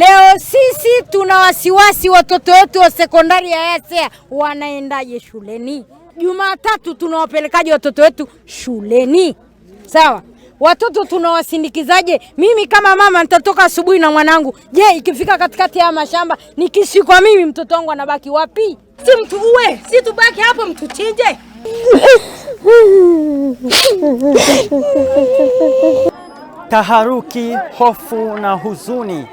Leo sisi tuna wasiwasi, watoto wetu wa sekondari ya Yasea wanaendaje shuleni? Jumatatu tunawapelekaje watoto wetu shuleni? Sawa, watoto tunawasindikizaje? Mimi kama mama nitatoka asubuhi na mwanangu, je, ikifika katikati ya mashamba nikishikwa mimi mtoto wangu anabaki wapi? Si mtuue, si tubaki hapo, mtuchinje. Taharuki, hofu na huzuni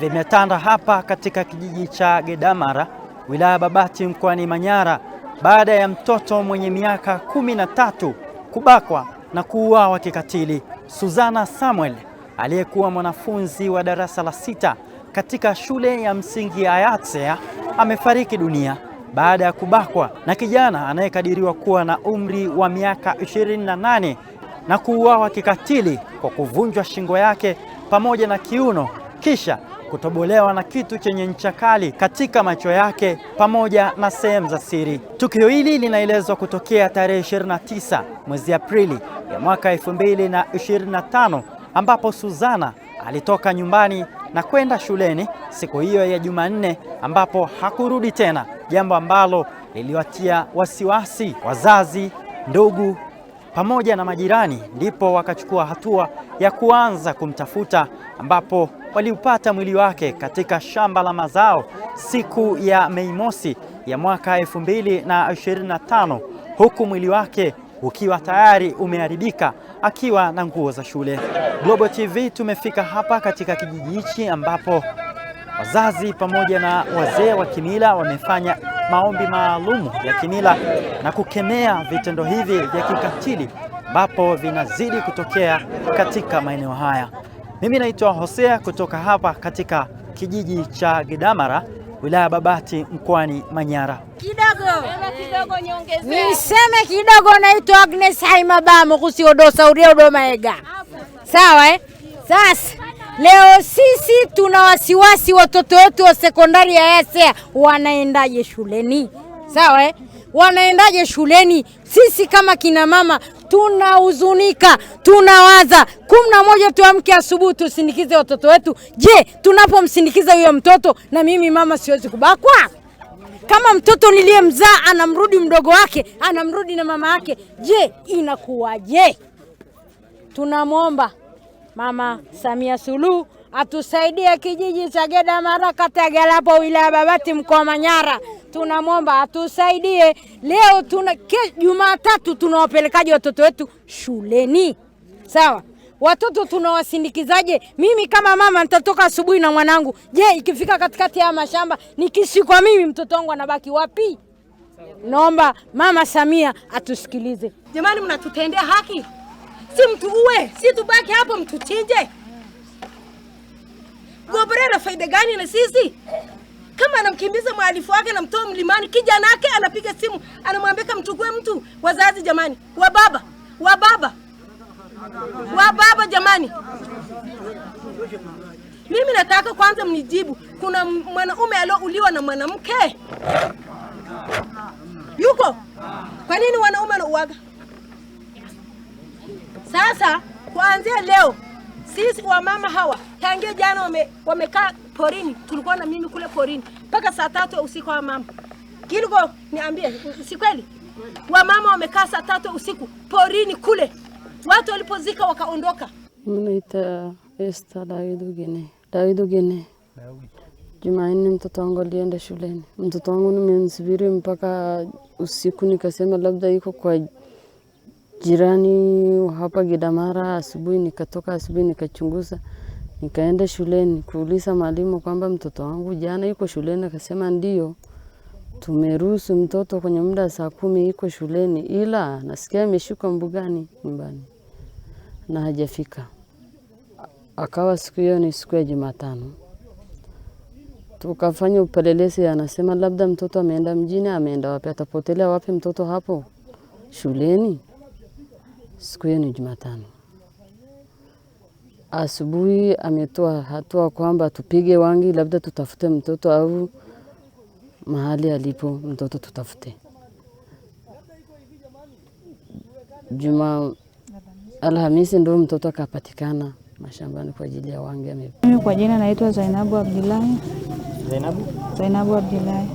vimetanda hapa katika kijiji cha Gedamara wilaya Babati mkoani Manyara baada ya mtoto mwenye miaka kumi na tatu kubakwa na kuuawa kikatili. Suzana Samuel aliyekuwa mwanafunzi wa darasa la sita katika shule ya msingi ya Ayatsea amefariki dunia baada ya kubakwa na kijana anayekadiriwa kuwa na umri wa miaka 28 na kuuawa kikatili kwa kuvunjwa shingo yake pamoja na kiuno kisha kutobolewa na kitu chenye ncha kali katika macho yake pamoja na sehemu za siri. Tukio hili linaelezwa kutokea tarehe 29 mwezi Aprili ya mwaka 2025 ambapo Suzana alitoka nyumbani na kwenda shuleni siku hiyo ya Jumanne ambapo hakurudi tena, jambo ambalo liliwatia wasiwasi wazazi, ndugu pamoja na majirani, ndipo wakachukua hatua ya kuanza kumtafuta ambapo waliupata mwili wake katika shamba la mazao siku ya Mei Mosi ya mwaka 2025 huku mwili wake ukiwa tayari umeharibika akiwa na nguo za shule. Global TV tumefika hapa katika kijiji hichi ambapo wazazi pamoja na wazee wa kimila wamefanya maombi maalum ya kimila na kukemea vitendo hivi vya kikatili ambapo vinazidi kutokea katika maeneo haya. Mimi naitwa Hosea kutoka hapa katika kijiji cha Gidamara wilaya Babati mkoani Manyara. Kidogo niseme kidogo, naitwa Agnes Haimabamo kusiodosauri udomaega sawa eh? Sasa leo sisi tuna wasiwasi watoto wetu wa sekondari ya Yasea wanaendaje shuleni sawa eh? wanaendaje shuleni? Sisi kama kina mama tunahuzunika, tunawaza. kumi na moja tuamke asubuhi, tusindikize watoto wetu. Je, tunapomsindikiza huyo mtoto, na mimi mama siwezi kubakwa? Kama mtoto niliyemzaa anamrudi mdogo wake, anamrudi na mama yake, je, inakuwaje? Tunamwomba Mama Samia Suluhu atusaidie kijiji cha Geda Mara, kata ya Galapo, wilaya Babati, mkoa Manyara tunamwomba atusaidie leo. Tuna Jumatatu tunawapelekaje watoto wetu shuleni? Sawa, watoto tunawasindikizaje? Mimi kama mama nitatoka asubuhi na mwanangu, je, ikifika katikati ya mashamba nikishikwa mimi mtoto wangu anabaki wapi? Naomba mama Samia atusikilize jamani, mnatutendea haki, si mtu uwe si tubaki hapo mtuchinje. gobrera, faida gani na sisi? kama anamkimbiza mhalifu wake, anamtoa mlimani, kijana yake anapiga simu, anamwambia kamchukue mtu. Wazazi jamani, wa baba wa baba wa baba jamani, mimi nataka kwanza mnijibu, kuna mwanaume aliouliwa na mwanamke yuko? Kwa nini wanaume wanauaga? Sasa kuanzia leo sisi wamama hawa tangia jana wame, wamekaa porini, tulikuwa na mimi kule porini mpaka saa tatu usiku. Wa mama Gilgo, niambie, si kweli? Wamama wamekaa saa tatu usiku porini kule, watu walipozika wakaondoka. Mnaita Esta Dawidu Gine, Dawidu Gine. Jumanne mtoto wangu alienda shuleni. Mtoto wangu nimemsubiri mpaka usiku, nikasema labda iko kwa jirani hapa Gidamara. Asubuhi nikatoka asubuhi nikachunguza Nikaenda shuleni kuuliza mwalimu kwamba mtoto wangu jana yuko shuleni, akasema ndio, tumeruhusu mtoto kwenye muda saa kumi yuko shuleni, ila nasikia ameshuka mbugani nyumbani na hajafika. Akawa siku hiyo ni siku ya Jumatano, tukafanya upelelezi, anasema labda mtoto ameenda mjini. Ameenda wapi? Atapotelea wapi mtoto hapo shuleni? Siku hiyo ni Jumatano asubuhi ametoa hatua kwamba tupige wangi, labda tutafute mtoto au mahali alipo mtoto tutafute. Juma Alhamisi ndio mtoto akapatikana mashambani kwa ajili ya wangi. Mimi kwa jina naitwa Zainabu Abdillahi. Zainabu? Zainabu Abdillahi.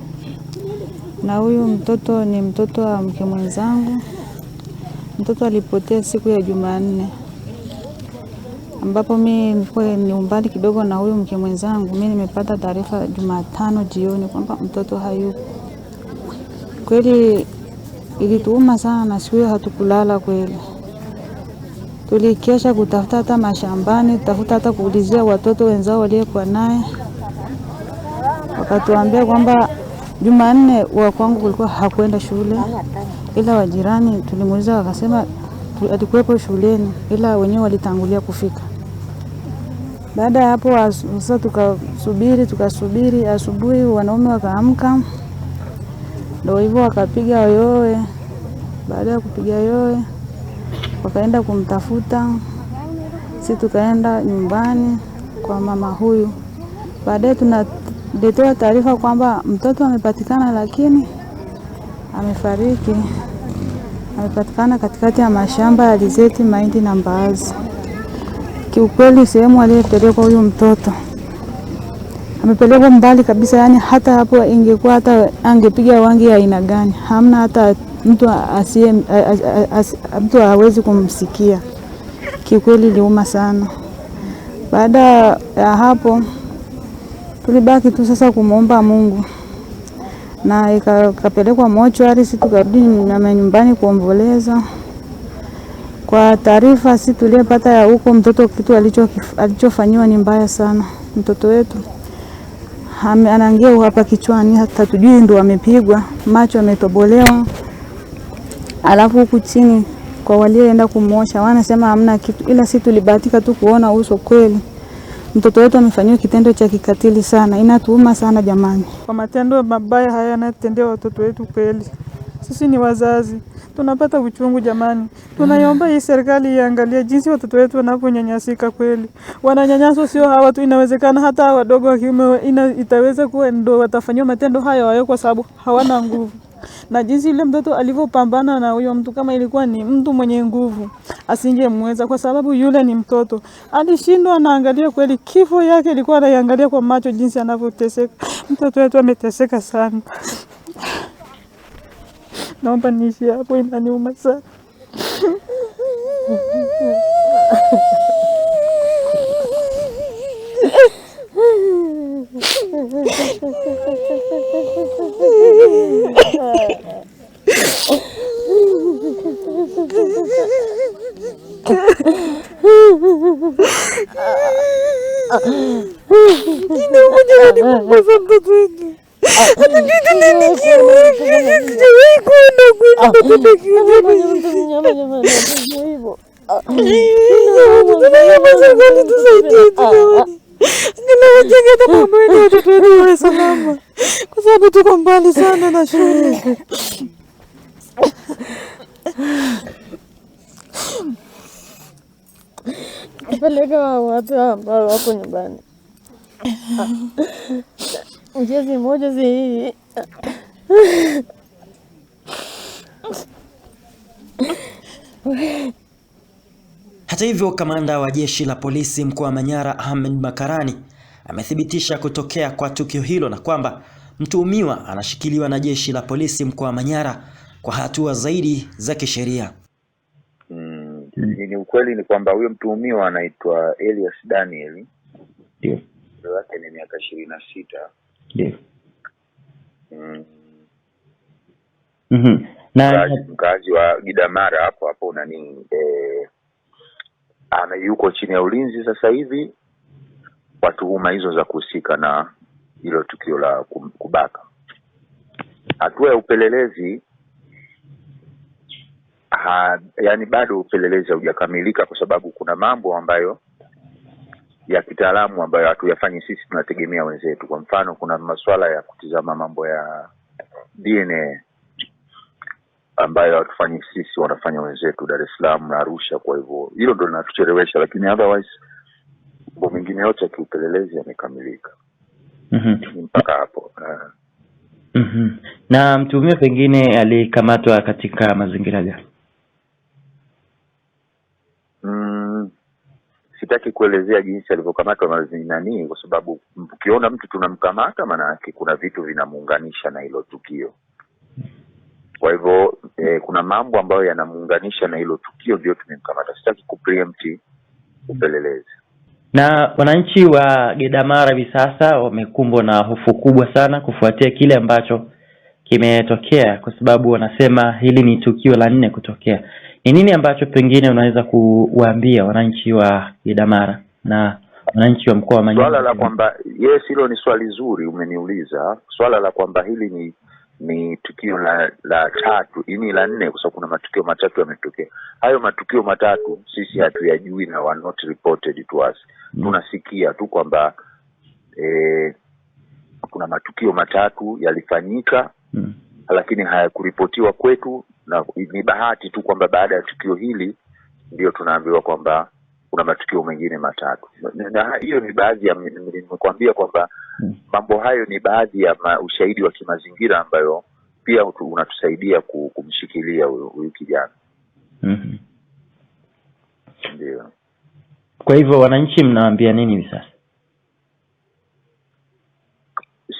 Na huyu mtoto ni mtoto wa mke mwenzangu. Mtoto alipotea siku ya Jumanne ambapo mi nilikuwa ni umbali kidogo na huyu mke mwenzangu. Mi nimepata taarifa Jumatano jioni kwamba mtoto hayupo. Kweli ilituuma sana, na siku hiyo hatukulala kweli, tulikesha kutafuta hata mashambani, tafuta hata kuulizia watoto wenzao waliokuwa naye, wakatuambia kwamba Jumanne wa kwangu kulikuwa hakwenda shule, ila wajirani tulimuuliza, wakasema alikuwepo shuleni, ila wenyewe walitangulia kufika. Baada ya hapo sasa tukasubiri tukasubiri, asubuhi wanaume wakaamka, ndio hivyo wakapiga yowe. Baada ya kupiga yowe, wakaenda kumtafuta, si tukaenda nyumbani kwa mama huyu. Baadaye tunaletewa taarifa kwamba mtoto amepatikana, lakini amefariki. Amepatikana katikati ya mashamba ya alizeti, mahindi na mbaazi. Kiukweli sehemu aliyepelekwa huyu mtoto amepelekwa mbali kabisa, yani hata hapo ingekuwa hata angepiga wangi ya aina gani, hamna hata mtu asiye mtu hawezi kumsikia. Kiukweli liuma sana. Baada ya hapo, tulibaki tu sasa kumwomba Mungu na ikapelekwa mochwari, si tukarudi na nyumbani kuomboleza. Kwa taarifa si tuliyepata ya huko, mtoto kitu alichofanyiwa ni mbaya sana. Mtoto wetu anaangia hapa kichwani, hata tujui ndo amepigwa, macho ametobolewa, alafu huku chini kwa walioenda kumwosha wanasema hamna kitu, ila si tulibahatika tu kuona uso. Kweli mtoto wetu amefanyiwa kitendo cha kikatili sana, inatuuma sana jamani, kwa matendo mabaya haya yanatendewa watoto wetu. Kweli sisi ni wazazi tunapata uchungu jamani. Tunaiomba hii serikali iangalie jinsi watoto wetu wanavyonyanyasika kweli. Wananyanyaswa sio hawa tu, inawezekana hata wadogo wa kiume itaweza kuwa ndio watafanyiwa matendo hayo hayo kwa sababu hawana nguvu na jinsi ile mtoto alivyopambana na huyo mtu, kama ilikuwa ni mtu mwenye nguvu asingemweza, kwa sababu yule ni mtoto, alishindwa. Anaangalia kweli, kifo yake ilikuwa anaiangalia kwa macho, jinsi anavyoteseka. Mtoto wetu ameteseka sana. Naomba niishi hapo, inaniuma sana. Ninakuja hadi ini Atau nanti kira tusaidie salama, kwa sababu tuko mbali sana na shule. Peleka watu ambao wako nyumbani mjezi moja zihii Hata hivyo, kamanda wa jeshi la polisi mkoa wa Manyara Ahmed Makarani amethibitisha kutokea kwa tukio hilo na kwamba mtuhumiwa anashikiliwa na jeshi la polisi mkoa wa Manyara kwa hatua zaidi za kisheria. Mm, ni ukweli ni kwamba huyo mtuhumiwa anaitwa Elias Daniel. Ndio. Umri ni miaka ishirini na sita. Ndio. Mm. Mm -hmm na mkaaji wa Gidamara hapo hapo nani eh, ana yuko chini ya ulinzi sasa hivi kwa tuhuma hizo za kuhusika na hilo tukio la kubaka. Hatua ya upelelezi ha, yani bado upelelezi haujakamilika kwa sababu kuna mambo ambayo ya kitaalamu ambayo hatuyafanyi sisi, tunategemea wenzetu. Kwa mfano, kuna masuala ya kutizama mambo ya DNA ambayo hatufanyi sisi, wanafanya wenzetu Dar es Salaam na Arusha. Kwa hivyo hilo ndo linatuchelewesha, lakini otherwise mambo mengine yote akiupelelezi kiupelelezi yamekamilika mm-hmm. mpaka hapo uh. mm-hmm. na mtuhumiwa pengine alikamatwa katika mazingira gani? Mm, sitaki kuelezea jinsi alivyokamatwa nani, kwa sababu ukiona mtu tunamkamata, maanayake kuna vitu vinamuunganisha na hilo tukio kwa hivyo eh, kuna mambo ambayo yanamuunganisha na hilo tukio, ndio tumemkamata. Sitaki kupreempt upelelezi na wananchi wa Gedamara hivi sasa wamekumbwa na hofu kubwa sana kufuatia kile ambacho kimetokea, kwa sababu wanasema hili ni tukio la nne kutokea. Ni nini ambacho pengine unaweza kuwaambia wananchi wa Gedamara na wananchi wa mkoa wa Manyara? Swala la kwamba yes, hilo ni swali zuri umeniuliza, swala la kwamba hili ni ni tukio la la tatu ini la nne, kwa sababu kuna matukio matatu yametokea. Hayo matukio matatu sisi hatuyajui na were not reported to us. Mm. Tunasikia tu kwamba e, kuna matukio matatu yalifanyika mm, lakini hayakuripotiwa kwetu, na ni bahati tu kwamba baada ya tukio hili ndio tunaambiwa kwamba kuna matukio mengine matatu, na hiyo ni baadhi ya nimekuambia kwamba hmm. mambo hayo ni baadhi ya ma, ushahidi wa kimazingira ambayo pia utu, unatusaidia kumshikilia huyu kijana mm-hmm. Ndio. Kwa hivyo wananchi mnawambia nini hivi sasa?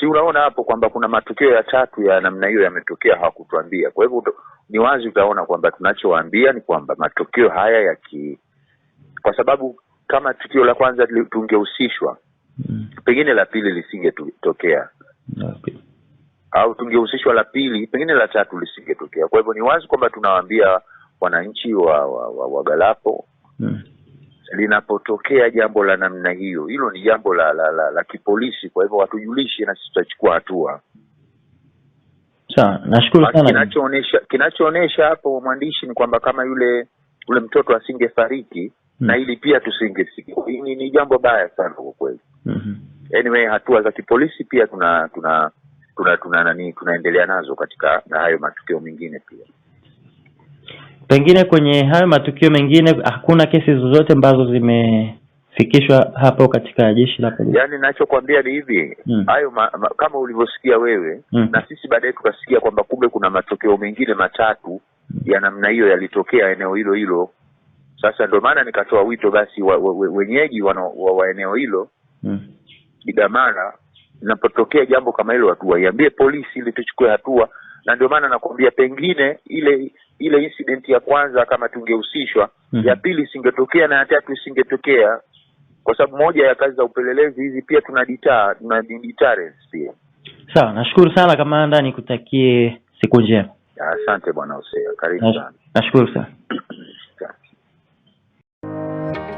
Si unaona hapo kwamba kuna matukio ya tatu ya namna hiyo yametokea, hawakutuambia. Kwa hivyo ni wazi utaona kwamba tunachowaambia ni kwamba matukio haya yaki kwa sababu kama tukio la kwanza tungehusishwa mm. pengine la pili lisingetokea okay. au tungehusishwa la pili pengine la tatu lisingetokea. Kwa hivyo ni wazi kwamba tunawaambia wananchi wa, wa, wa, wa Galapo mm. linapotokea jambo la namna hiyo, hilo ni jambo la, la, la, la kipolisi. Kwa hivyo watujulishe na sisi tutachukua hatua. Sawa, nashukuru sana. Kinachoonesha kinachoonesha hapo mwandishi ni kwamba kama yule yule mtoto asingefariki mm. na ili pia tusingesikia. Hili ni jambo baya sana kwa kweli. mm -hmm. Anyway, hatua za kipolisi pia tuna tuna tuna tuna nani tunaendelea nazo katika na hayo matukio mengine pia. Pengine kwenye hayo matukio mengine hakuna kesi zozote ambazo zimefikishwa hapo katika jeshi la polisi. Yaani ninachokwambia ni hivi mm. hayo ma, ma, kama ulivyosikia wewe mm. na sisi baadaye tukasikia kwamba kumbe kuna matokeo mengine matatu hmm. ya namna hiyo yalitokea eneo hilo hilo sasa ndio maana nikatoa wito basi wa, wa, wenyeji wano, wa, wa eneo hilo mm. Idamara, inapotokea jambo kama hilo, watu waiambie polisi ili tuchukue hatua, na ndio maana nakwambia pengine ile ile incident ya kwanza kama tungehusishwa mm. ya pili isingetokea na ya tatu isingetokea, kwa sababu moja ya kazi za upelelezi hizi pia tuna ditaa tuna deterrence pia. Sawa, nashukuru sana kamanda, nikutakie siku njema. Asante bwana Hosea, karibu sana. Nashukuru sana.